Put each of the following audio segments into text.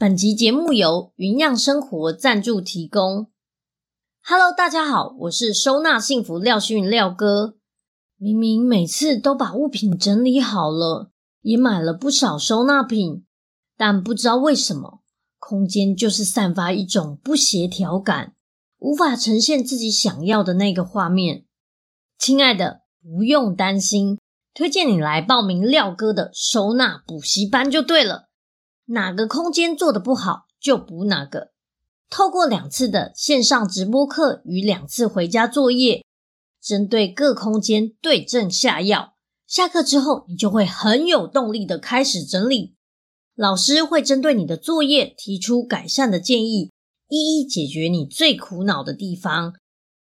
本集節目由雲釀生活贊助提供。Hello，大家好，我是收納幸福廖心筠廖哥。明明每次都把物品整理好了，也買了不少收納品，但不知道為什麼，空間就是散發一種不協調感，無法呈現自己想要的那個畫面。親愛的，不用擔心，推薦你來報名廖哥的收納補習班就對了。哪個空間做的不好就補哪個。透過兩次的線上直播課與兩次回家作業，針對各空間對症下藥。下課之後，你就會很有動力的開始整理。老師會針對你的作業提出改善的建議，一一解決你最苦惱的地方。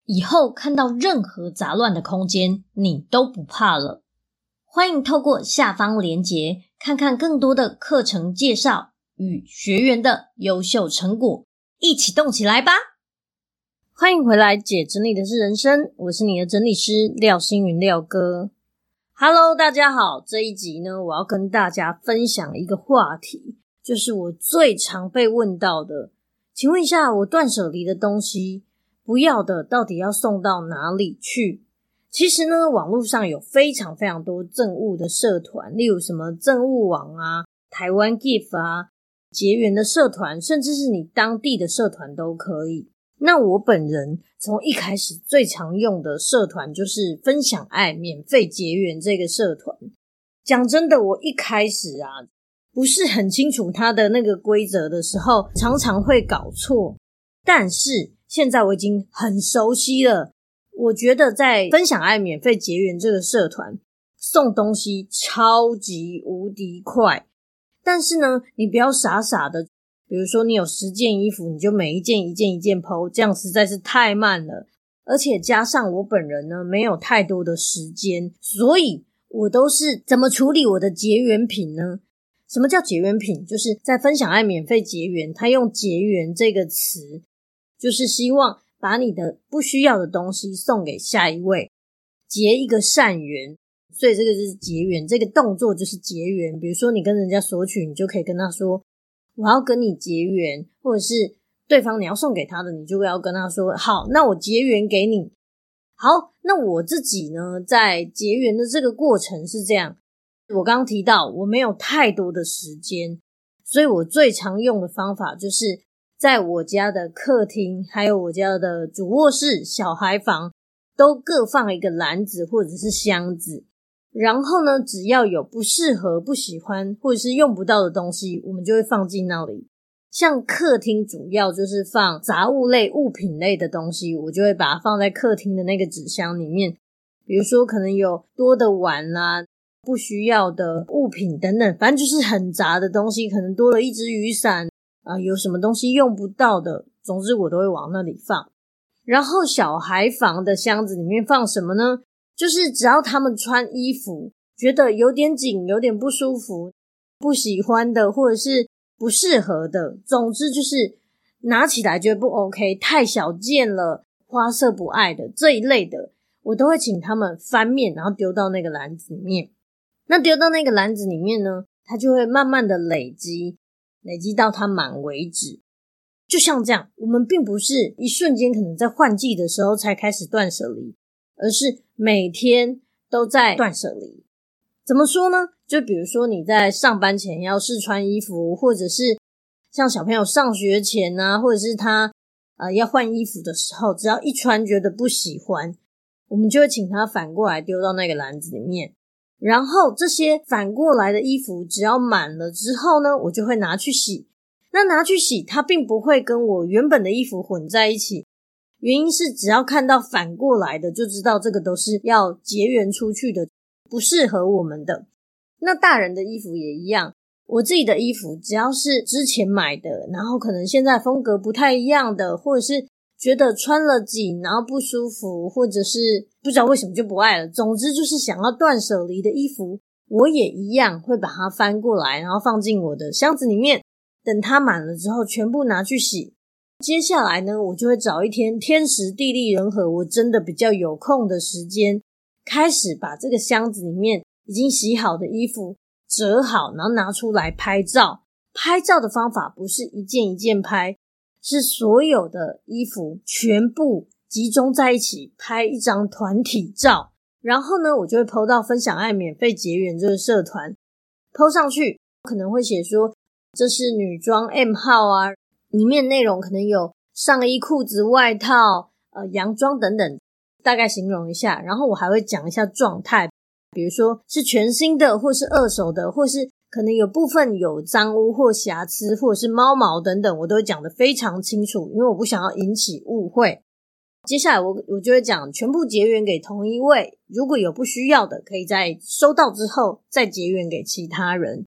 以後看到任何雜亂的空間，你都不怕了。歡迎透過下方連結。看看更多的課程介紹與學員的優秀成果，一起動起來吧！歡迎回來，解整理的是人生，我是你的整理師廖心筠廖哥。Hello，大家好，這一集呢，我要跟大家分享一個話題，就是我最常被問到的，請問一下，我斷舍離的東西不要的，到底要送到哪裡去？其實呢，網絡上有非常非常多贈物的社團，例如什麼贈物網啊、台灣 Gift 啊、結緣的社團，甚至是你當地的社團都可以。那我本人從一開始最常用的社團就是分享愛、免費結緣這個社團。講真的，我一開始啊不是很清楚它的那個規則的時候，常常會搞錯。但是現在我已經很熟悉了。我覺得在分享愛免費結緣這個社團送東西超級無敵快，但是呢，你不要傻傻的，比如說你有十件衣服，你就每一件一件一件 po，這樣實在是太慢了。而且加上我本人呢，沒有太多的時間，所以我都是怎麼處理我的結緣品呢？什麼叫結緣品？就是在分享愛免費結緣，他用結緣這個詞，就是希望。把你的不需要的東西送給下一位，結一個善緣，所以這個就是結緣，這個動作就是結緣。比如說你跟人家索取，你就可以跟他說：“我要跟你結緣。”或者是對方你要送給他的，你就會要跟他說：“好，那我結緣給你。”好，那我自己呢，在結緣的這個過程是這樣。我剛剛提到我沒有太多的時間，所以我最常用的方法就是。在我家的客廳，還有我家的主臥室、小孩房，都各放一個籃子或者是箱子。然後呢，只要有不適合、不喜歡或者是用不到的東西，我們就會放進那裡。像客廳主要就是放雜物類、物品類的東西，我就會把它放在客廳的那個紙箱裡面。比如說，可能有多的碗啦、啊，不需要的物品等等，反正就是很雜的東西。可能多了一隻雨傘。啊、呃，有什麼東西用不到的，總之我都會往那裡放。然後小孩房的箱子裡面放什麼呢？就是只要他們穿衣服覺得有點緊、有點不舒服、不喜歡的或者是不適合的，總之就是拿起來覺得不 OK、太小件了、花色不愛的這一類的，我都會請他們翻面，然後丟到那個籃子裡面。那丟到那個籃子裡面呢，它就會慢慢的累積。累積到它滿為止，就像這樣，我們並不是一瞬間，可能在換季的時候才開始斷捨離，而是每天都在斷捨離。怎麼說呢？就比如說你在上班前要試穿衣服，或者是像小朋友上學前啊，或者是他呃要換衣服的時候，只要一穿覺得不喜歡，我們就會請他反過來丟到那個籃子裡面。然後這些反過來的衣服，只要滿了之後呢，我就會拿去洗。那拿去洗，它並不會跟我原本的衣服混在一起，原因是只要看到反過來的，就知道這個都是要結緣出去的，不適合我們的。那大人的衣服也一樣，我自己的衣服只要是之前買的，然後可能現在風格不太一樣的，或者是。覺得穿了緊，然後不舒服，或者是不知道為什麼就不愛了。總之就是想要斷捨離的衣服，我也一樣會把它翻過來，然後放進我的箱子裡面。等它滿了之後，全部拿去洗。接下來呢，我就會找一天天時地利人和，我真的比較有空的時間，開始把這個箱子裡面已經洗好的衣服折好，然後拿出來拍照。拍照的方法不是一件一件拍。是所有的衣服全部集中在一起拍一張團體照，然後呢，我就會 Po 到分享愛免費結緣這個社團，Po 上去，可能會寫說，這是女裝 M 號啊，裡面內容可能有上衣、褲子、外套，呃，洋裝等等，大概形容一下，然後我還會講一下狀態，比如說是全新的，或是二手的，或是。可能有部分有髒污或瑕疵，或者是貓毛等等，我都會講得非常清楚，因為我不想要引起誤會。接下來我我就會講全部結緣給同一位，如果有不需要的，可以在收到之後再結緣給其他人。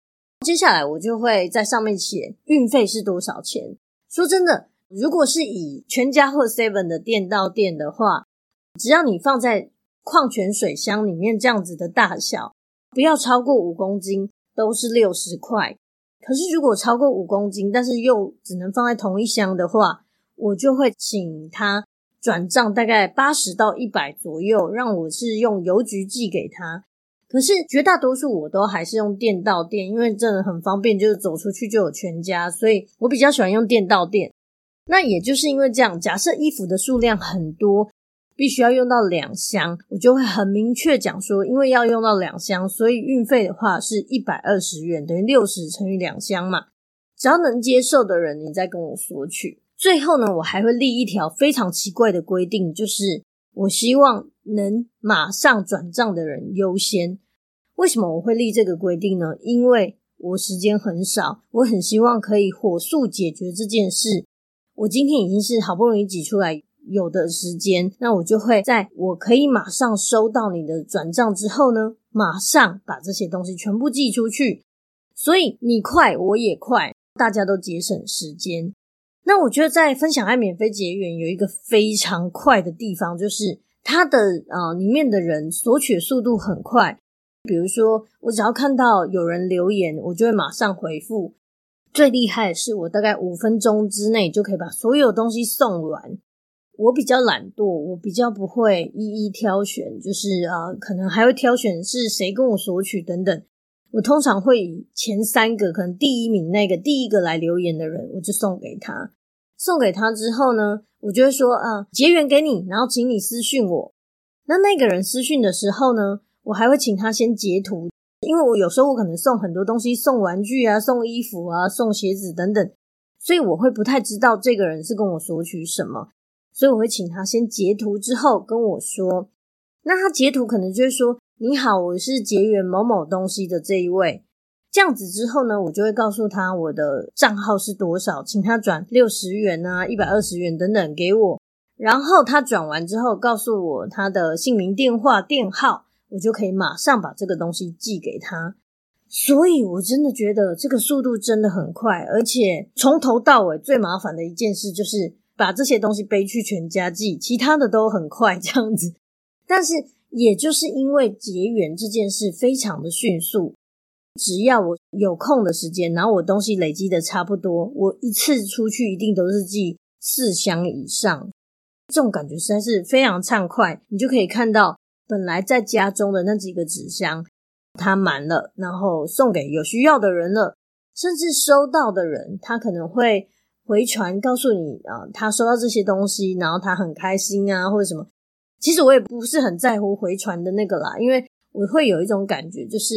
接下來我就會在上面寫運費是多少錢。說真的，如果是以全家或 Seven 的店到店的話，只要你放在礦泉水箱裡面這樣子的大小，不要超過五公斤。都是六十塊，可是如果超過五公斤，但是又只能放在同一箱的話，我就會請他轉賬大概八十到一百左右，讓我是用郵局寄給他。可是絕大多數我都還是用店到店，因為真的很方便，就是走出去就有全家，所以我比較喜歡用店到店。那也就是因為這樣，假設衣服的數量很多。必須要用到兩箱，我就會很明確講說，因為要用到兩箱，所以運費的話是一百二十元，等於六十乘以兩箱嘛。只要能接受的人，你再跟我索取。最後呢，我還會立一條非常奇怪的規定，就是我希望能馬上轉賬的人優先。為什麼我會立這個規定呢？因為我時間很少，我很希望可以火速解決這件事。我今天已經是好不容易擠出來。有的時間，那我就會在我可以馬上收到你的轉賬之後呢，馬上把這些東西全部寄出去。所以你快我也快，大家都節省時間。那我覺得在分享愛免費結緣有一個非常快的地方，就是它的啊、呃、裡面的人索取速度很快。比如說我只要看到有人留言，我就會馬上回覆。最厲害的是，我大概五分鐘之內就可以把所有東西送完。我比較懶惰，我比較不會一一挑選，就是啊，可能還會挑選是誰跟我索取等等。我通常會以前三個，可能第一名那個第一個來留言的人，我就送給他。送給他之後呢，我就會說啊，結緣給你，然後請你私訊我。那那個人私訊的時候呢，我還會請他先截圖，因為我有時候我可能送很多東西，送玩具啊，送衣服啊，送鞋子等等，所以我會不太知道這個人是跟我索取什麼。所以我會請他先截圖，之後跟我說。那他截圖可能就會說：“你好，我是結緣某某東西的這一位。”這樣子之後呢，我就會告訴他我的賬號是多少，請他轉六十元啊、一百二十元等等給我。然後他轉完之後，告訴我他的姓名、電話、電號，我就可以馬上把這個東西寄給他。所以我真的覺得這個速度真的很快，而且從頭到尾最麻煩的一件事就是。把這些東西背去全家寄，其他的都很快這樣子。但是，也就是因為結緣這件事非常的迅速，只要我有空的時間，然後我東西累積的差不多，我一次出去一定都是寄四箱以上。這種感覺實在是非常暢快。你就可以看到，本來在家中的那幾個紙箱，它滿了，然後送給有需要的人了，甚至收到的人，他可能會……回傳告訴你啊，他收到這些東西，然後他很開心啊，或者什麼。其實我也不是很在乎回傳的那個啦，因為我會有一種感覺，就是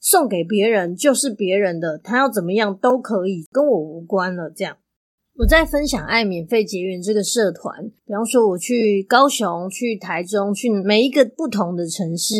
送給別人就是別人的，他要怎麼樣都可以，跟我無關了，這樣。我在分享愛免費結緣這個社團，比方說我去高雄、去台中、去每一個不同的城市，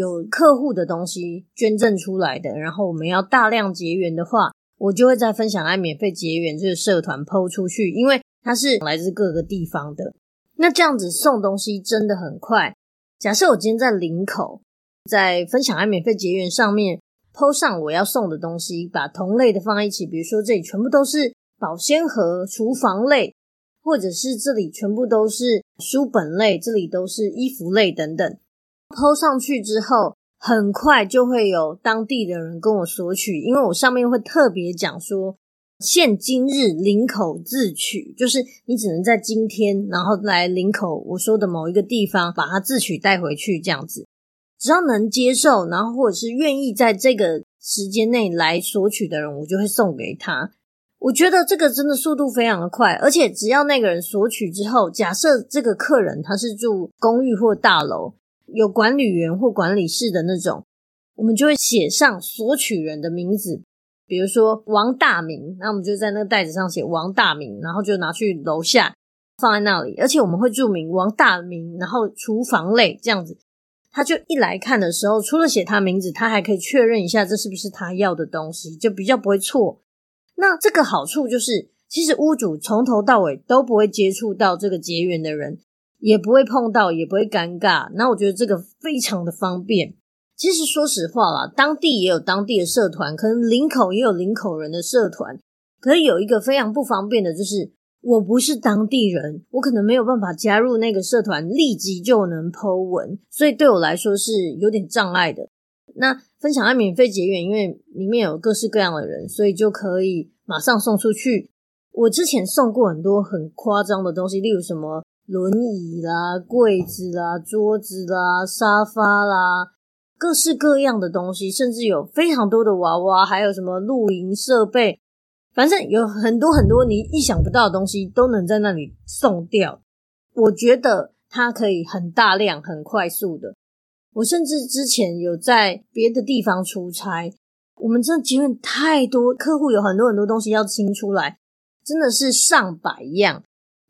有客戶的東西捐贈出來的，然後我們要大量結緣的話。我就會在分享愛免費結緣這個社團 po 出去，因為它是來自各個地方的。那這樣子送東西真的很快。假設我今天在林口，在分享愛免費結緣上面 po 上我要送的東西，把同類的放在一起，比如說這裡全部都是保鮮盒、廚房類，或者是這裡全部都是書本類，這裡都是衣服類等等，po 上去之後。很快就會有當地的人跟我索取，因為我上面會特別講說，限今日林口自取，就是你只能在今天，然後來林口我說的某一個地方把它自取帶回去這樣子。只要能接受，然後或者是願意在這個時間內來索取的人，我就會送給他。我覺得這個真的速度非常的快，而且只要那個人索取之後，假設這個客人他是住公寓或大樓。有管理員或管理室的那種，我們就會寫上索取人的名字，比如說王大明，那我們就在那個袋子上寫王大明，然後就拿去樓下放在那裡，而且我們會註明王大明，然後廚房類這樣子，他就一來看的時候，除了寫他名字，他還可以確認一下這是不是他要的東西，就比較不會錯。那這個好處就是，其實屋主從頭到尾都不會接觸到這個結緣的人。也不會碰到，也不會尷尬。那我覺得這個非常的方便。其實說實話啦，當地也有當地的社團，可能林口也有林口人的社團。可是有一個非常不方便的，就是我不是當地人，我可能沒有辦法加入那個社團，立即就能 po 文。所以對我來說是有點障礙的。那分享愛免費結緣，因為裡面有各式各樣的人，所以就可以馬上送出去。我之前送過很多很誇張的東西，例如什麼。輪椅啦、櫃子啦、桌子啦、沙發啦，各式各樣的東西，甚至有非常多的娃娃，還有什麼露營設備，反正有很多很多你意想不到的東西都能在那裡送掉。我覺得它可以很大量、很快速的。我甚至之前有在別的地方出差，我們真的積怨太多，客戶有很多很多東西要清出來，真的是上百樣。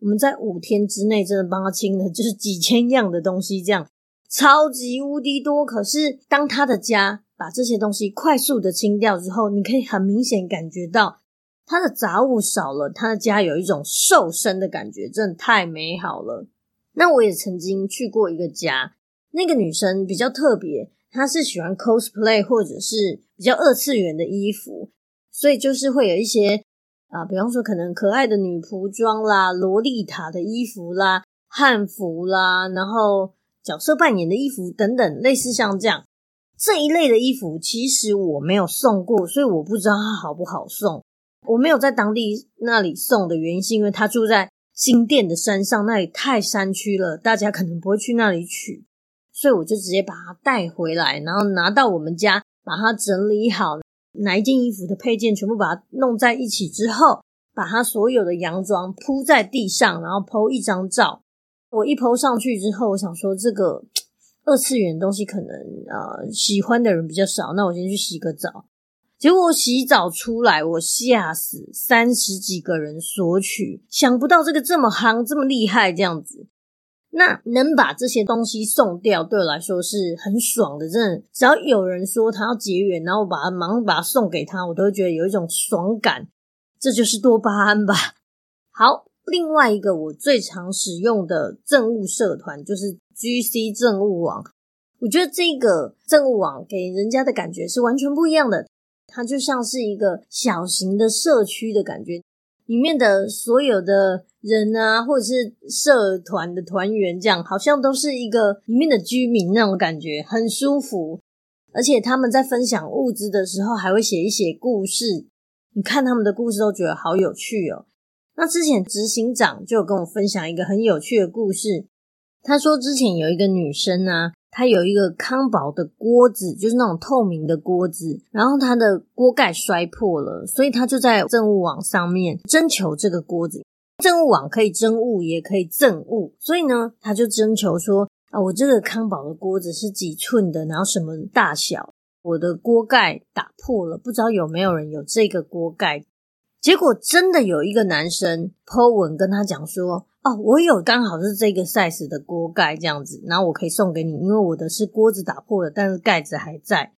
我們在五天之內真的幫他清了，就是幾千樣的東西，這樣超級無敵多。可是當他的家把這些東西快速的清掉之後，你可以很明顯感覺到他的雜物少了，他的家有一種瘦身的感覺，真的太美好了。那我也曾經去過一個家，那個女生比較特別，她是喜歡 cosplay 或者是比較二次元的衣服，所以就是會有一些。啊，比方說，可能可愛的女僕裝啦、洛麗塔的衣服啦、漢服啦，然後角色扮演的衣服等等，類似像這樣這一類的衣服，其實我沒有送過，所以我不知道它好不好送。我沒有在當地那裡送的原因，是因為他住在新店的山上，那裡太山區了，大家可能不會去那裡取，所以我就直接把它帶回來，然後拿到我們家，把它整理好。拿一件衣服的配件全部把它弄在一起之後，把它所有的洋裝鋪在地上，然後 PO 一張照。我一 PO 上去之後，我想說這個二次元的東西可能呃喜歡的人比較少，那我先去洗個澡。結果我洗澡出來，我嚇死，三十幾個人索取，想不到這個這麼夯，這麼厲害，這樣子。那能把這些東西送掉，對我來說是很爽的。真的，只要有人說他要結緣，然後我把它忙把它送給他，我都會覺得有一種爽感。這就是多巴胺吧。好，另外一個我最常使用的贈物社團就是 GC 贈物網。我覺得這個贈物網給人家的感覺是完全不一樣的，它就像是一個小型的社區的感覺，裡面的所有的。人啊，或者是社團的團員，這樣好像都是一個裡面的居民那種感覺，很舒服。而且他們在分享物資的時候，還會寫一寫故事。你看他們的故事都覺得好有趣哦、喔。那之前執行長就有跟我分享一個很有趣的故事，他說之前有一個女生啊，她有一個康寶的鍋子，就是那種透明的鍋子，然後她的鍋蓋摔破了，所以她就在贈物網上面徵求這個鍋子。贈物網可以徵物，也可以贈物，所以呢，他就徵求說啊，我這個康寶的鍋子是幾寸的，然後什麼大小？我的鍋蓋打破了，不知道有沒有人有這個鍋蓋？結果真的有一個男生 Po 文跟他講說，哦，我有剛好是這個 size 的鍋蓋，這樣子，然後我可以送給你，因為我的是鍋子打破了，但是蓋子還在。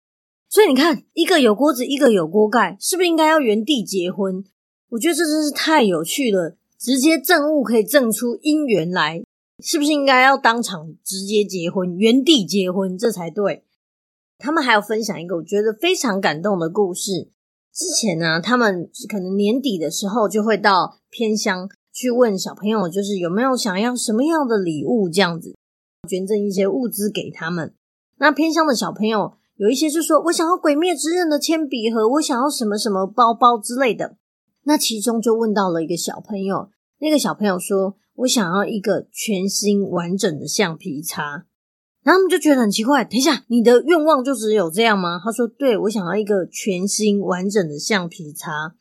所以你看，一個有鍋子，一個有鍋蓋，是不是應該要原地結婚？我覺得這真是太有趣了。直接贈物可以贈出姻緣來，是不是應該要當場直接結婚，原地結婚這才對？他們還有分享一個我覺得非常感動的故事。之前呢，他們可能年底的時候就會到偏鄉去問小朋友，就是有沒有想要什麼樣的禮物這樣子，捐贈一些物資給他們。那偏鄉的小朋友有一些就是說，我想要《鬼滅之刃》的鉛筆盒，我想要什麼什麼包包之類的。那其中就問到了一個小朋友，那個小朋友說：“我想要一個全新完整的橡皮擦。”然後他們就覺得很奇怪，等一下，你的願望就只有這樣嗎？他說：“對，我想要一個全新完整的橡皮擦。”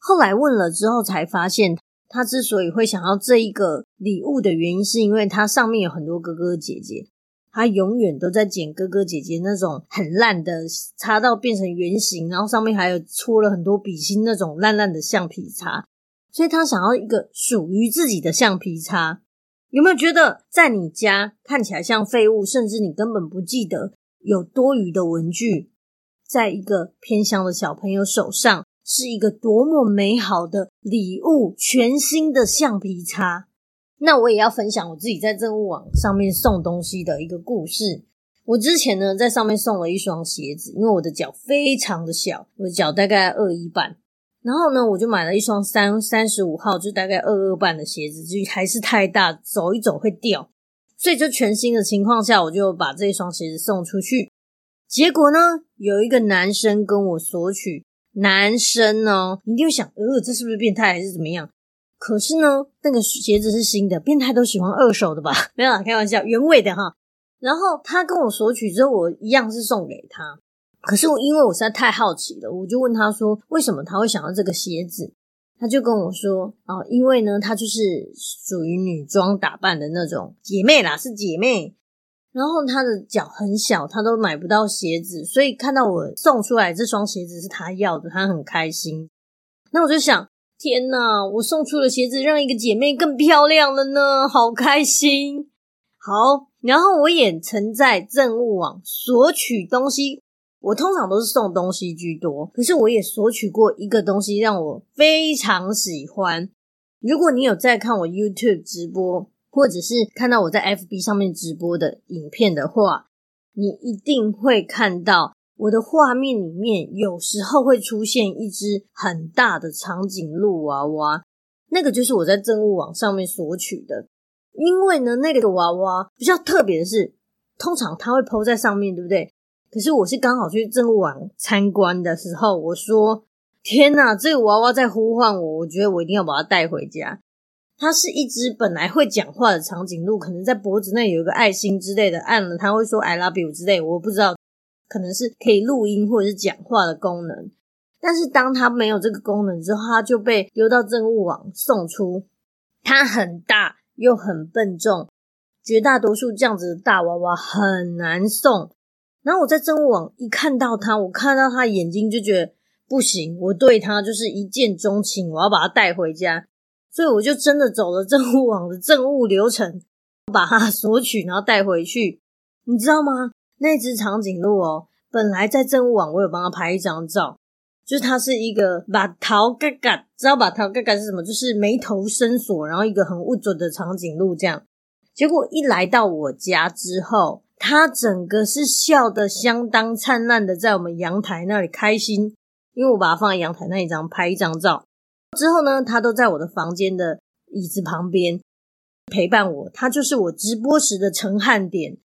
後來問了之後才發現，他之所以會想要這一個禮物的原因，是因為他上面有很多哥哥姐姐。他永遠都在撿哥哥姐姐那種很爛的，擦到變成圓形，然後上面還有戳了很多筆芯那種爛爛的橡皮擦，所以他想要一個屬於自己的橡皮擦。有沒有覺得，在你家看起來像廢物，甚至你根本不記得有多餘的文具，在一個偏鄉的小朋友手上，是一個多麼美好的禮物——全新的橡皮擦。那我也要分享我自己在贈物網上面送東西的一個故事。我之前呢在上面送了一雙鞋子，因為我的腳非常的小，我的腳大概二一半。然後呢我就買了一雙三三十五號，就大概二二半的鞋子，就還是太大，走一走會掉。所以就全新的情況下，我就把這一雙鞋子送出去。結果呢，有一個男生跟我索取，男生哦，你就會想，呃，這是不是變態還是怎麼樣？可是呢，那個鞋子是新的，變態都喜歡二手的吧？沒有啦，開玩笑，原味的哈。然後他跟我索取之後，我一樣是送給他。可是我因為我實在太好奇了，我就問他說為什麼他會想要這個鞋子？他就跟我說啊，因為呢，他就是屬於女裝打扮的那種姐妹啦，是姐妹。然後他的腳很小，他都買不到鞋子，所以看到我送出來這雙鞋子是他要的，他很開心。那我就想。天吶！我送出了鞋子，讓一個姐妹更漂亮了呢，好開心。好，然後我也曾在贈物網索取東西，我通常都是送東西居多，可是我也索取過一個東西，讓我非常喜歡。如果你有在看我 YouTube 直播，或者是看到我在 FB 上面直播的影片的話，你一定會看到。我的畫面裡面有時候會出現一隻很大的長頸鹿娃娃，那個就是我在政務網上面索取的。因為呢，那個的娃娃比較特別的是，通常它會拋在上面，對不對？可是我是剛好去政務網參觀的時候，我說：“天哪，這個娃娃在呼喚我！”我覺得我一定要把它帶回家。它是一隻本來會講話的長頸鹿，可能在脖子內有一個愛心之類的，按了它會說 “I love you” 之類，我不知道。可能是可以錄音或者是講話的功能，但是當他沒有這個功能之後，他就被丟到政務網送出。它很大又很笨重，絕大多數這樣子的大娃娃很難送。然後我在政務網一看到它，我看到它眼睛，就覺得不行，我對它就是一見鍾情，我要把它帶回家。所以我就真的走了政務網的政務流程，把它索取，然後帶回去。你知道嗎？那隻長頸鹿哦，本來在政務網我有幫他拍一張照，就是它是一個把頭嘎嘎，知道把頭嘎嘎是什麼？就是眉頭深鎖，然後一個很惡作的長頸鹿這樣。結果一來到我家之後，它整個是笑得相當燦爛的，在我們陽台那裡開心，因為我把它放在陽台那一張拍一張照之後呢，它都在我的房間的椅子旁邊陪伴我，它就是我直播時的陳漢典。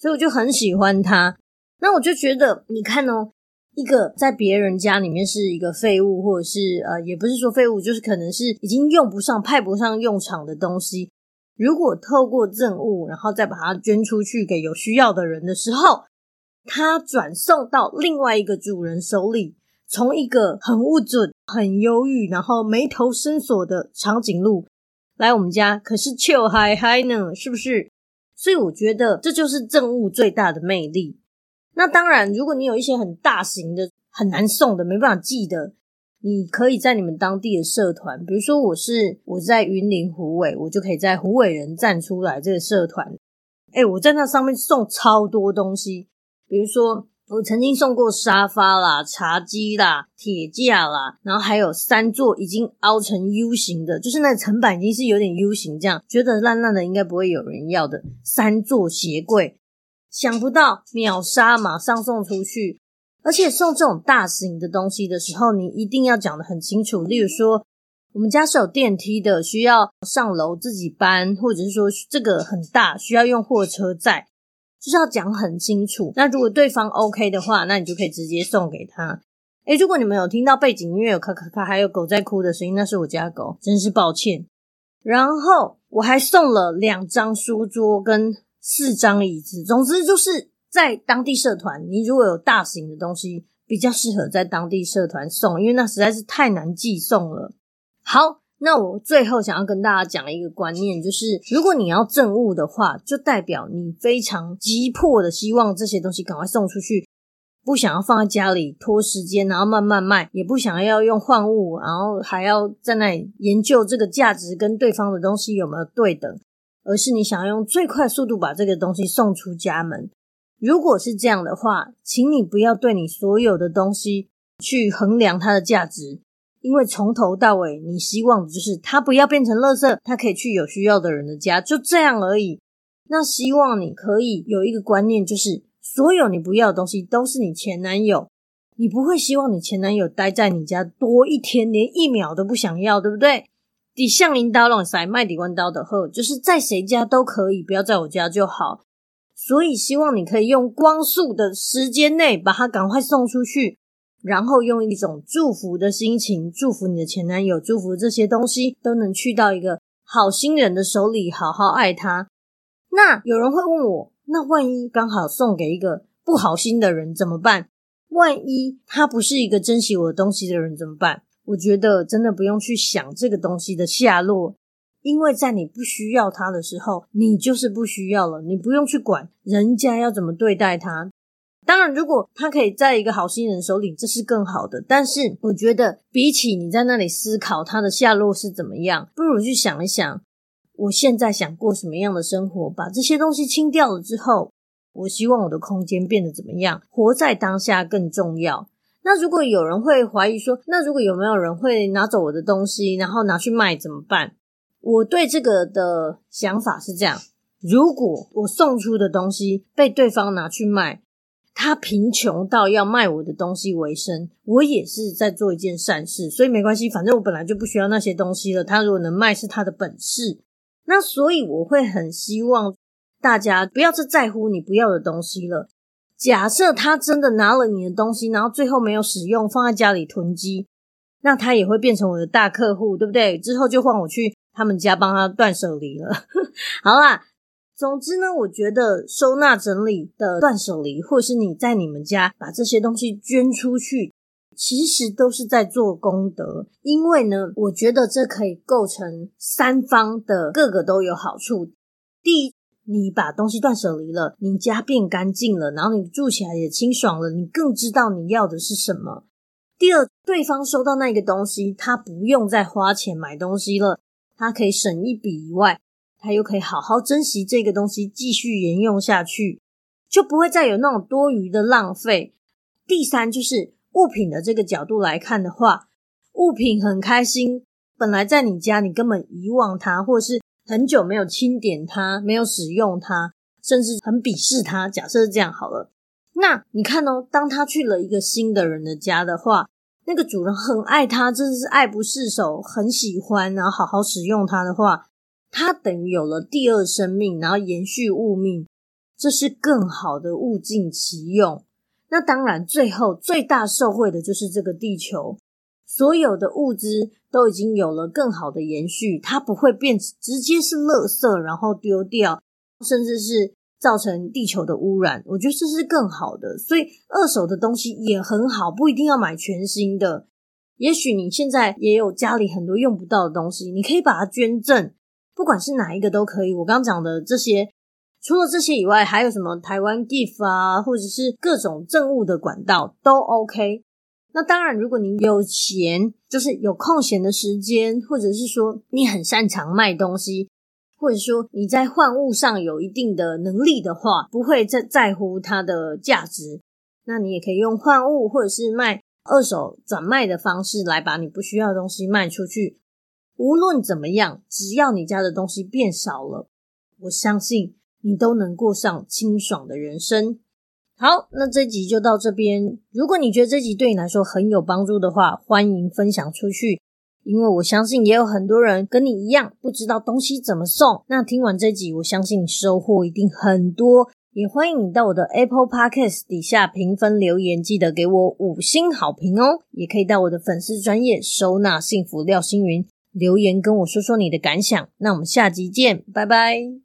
所以我就很喜歡他，那我就覺得，你看哦，一個在別人家裡面是一個廢物，或者是呃，也不是說廢物，就是可能是已經用不上、派不上用場的東西。如果透過贈物，然後再把它捐出去給有需要的人的時候，它轉送到另外一個主人手裡，從一個很不准、很憂鬱，然後眉頭深鎖的長頸鹿，來我們家，可是 c 嗨嗨呢，是不是？所以我覺得這就是政務最大的魅力。那當然，如果你有一些很大型的、很難送的、沒辦法寄的，你可以在你們當地的社團，比如說我是我在雲林虎尾，我就可以在虎尾人站出來這個社團，哎、欸，我在那上面送超多東西，比如說。我曾經送過沙發啦、茶几啦、鐵架啦，然後還有三座已經凹成 U 型的，就是那層板已經是有點 U 型這樣，覺得爛爛的，應該不會有人要的。三座鞋櫃，想不到秒殺，馬上送出去。而且送這種大型的東西的時候，你一定要講得很清楚，例如說我們家是有電梯的，需要上樓自己搬，或者是說這個很大，需要用貨車載。就是要講很清楚。那如果對方 OK 的話，那你就可以直接送給他。誒、欸，如果你們有聽到背景音樂，咔咔咔，還有狗在哭的聲音，那是我家狗，真是抱歉。然後我還送了兩張書桌跟四張椅子。總之就是在當地社團，你如果有大型的東西，比較適合在當地社團送，因為那實在是太難寄送了。好。那我最後想要跟大家講一個觀念，就是如果你要贈物的話，就代表你非常急迫的希望這些東西趕快送出去，不想要放在家裡拖時間，然後慢慢賣，也不想要用換物，然後還要在那裡研究這個價值跟對方的東西有沒有對等，而是你想要用最快速度把這個東西送出家門。如果是這樣的話，請你不要對你所有的東西去衡量它的價值。因為從頭到尾，你希望的就是他不要變成垃圾，他可以去有需要的人的家，就這樣而已。那希望你可以有一個觀念，就是所有你不要的東西都是你前男友，你不會希望你前男友待在你家多一天，連一秒都不想要，對不對？底像鐮刀攏塞，賣底彎刀的喝，就是在誰家都可以，不要在我家就好。所以希望你可以用光速的時間內，把它趕快送出去。然後用一種祝福的心情，祝福你的前男友，祝福這些東西都能去到一個好心人的手裡，好好愛他。那有人會問我，那萬一剛好送給一個不好心的人怎麼辦？萬一他不是一個珍惜我的東西的人怎麼辦？我覺得真的不用去想這個東西的下落，因為在你不需要他的時候，你就是不需要了，你不用去管人家要怎麼對待他。當然，如果他可以在一個好心人手裡，這是更好的。但是，我覺得比起你在那裡思考他的下落是怎麼樣，不如去想一想，我現在想過什麼樣的生活。把這些東西清掉了之後，我希望我的空間變得怎麼樣？活在當下更重要。那如果有人會懷疑說，那如果有沒有人會拿走我的東西，然後拿去賣怎麼辦？我對這個的想法是這樣：如果我送出的東西被對方拿去賣，他貧窮到要賣我的東西為生，我也是在做一件善事，所以沒關係，反正我本來就不需要那些東西了。他如果能賣，是他的本事。那所以我會很希望大家不要再在乎你不要的東西了。假設他真的拿了你的東西，然後最後沒有使用，放在家裡囤積，那他也會變成我的大客戶，對不對？之後就換我去他們家幫他斷捨離了。 好啦。總之呢，我覺得收納整理的斷捨離，或是你在你們家把這些東西捐出去，其實都是在做功德。因為呢，我覺得這可以構成三方的，各個都有好處。第一，你把東西斷捨離了，你家變乾淨了，然後你住起來也清爽了，你更知道你要的是什麼。第二，對方收到那個東西，他不用再花錢買東西了，他可以省一筆以外。他又可以好好珍惜這個東西，繼續沿用下去，就不會再有那種多餘的浪費。第三，就是物品的這個角度來看的話，物品很開心，本來在你家，你根本遺忘它，或者是很久沒有清點它，沒有使用它，甚至很鄙視它。假設是這樣好了，那你看哦，當他去了一個新的人的家的話，那個主人很愛他，真的是愛不釋手，很喜歡，然後好好使用它的話。它等於有了第二生命，然後延續物命，這是更好的物盡其用。那當然，最後最大受惠的就是這個地球，所有的物資都已經有了更好的延續，它不會變成直接是垃圾，然後丟掉，甚至是造成地球的污染。我覺得這是更好的，所以二手的東西也很好，不一定要買全新的。也許你現在也有家裡很多用不到的東西，你可以把它捐贈。不管是哪一個都可以，我剛剛講的這些，除了這些以外，還有什麼台灣 Gift 啊，或者是各種政務的管道都 OK。那當然，如果你有錢，就是有空閒的時間，或者是說你很擅長賣東西，或者說你在換物上有一定的能力的話，不會在在乎它的價值，那你也可以用換物或者是賣二手轉賣的方式來把你不需要的東西賣出去。無論怎麼樣，只要你家的東西變少了，我相信你都能過上清爽的人生。好，那這集就到這邊。如果你覺得這集對你來說很有幫助的話，歡迎分享出去，因為我相信也有很多人跟你一樣不知道東西怎麼送。那聽完這集，我相信你收穫一定很多，也歡迎你到我的 Apple Podcast 底下評分留言，記得給我五星好評哦。也可以到我的粉絲專頁收納幸福廖心筠，留言跟我說說你的感想，那我們下集見，拜拜。